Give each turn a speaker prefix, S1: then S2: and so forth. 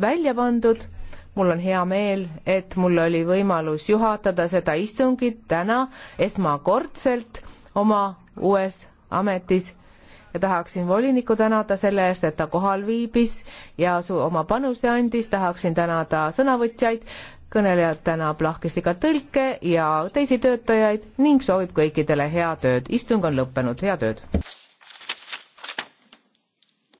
S1: välja pandud. mul on hea meel, et mul oli võimalus juhatada seda istungit täna esmakordselt oma uues ametis ja tahaksin volinikku tänada selle eest, et ta kohal viibis ja oma panuse andis, tahaksin tänada sõnavõtjaid, kõnelejad tänab lahkesti ka tõlke ja teisi töötajaid ning soovib kõikidele head ööd. istung on lõppenud, head ööd!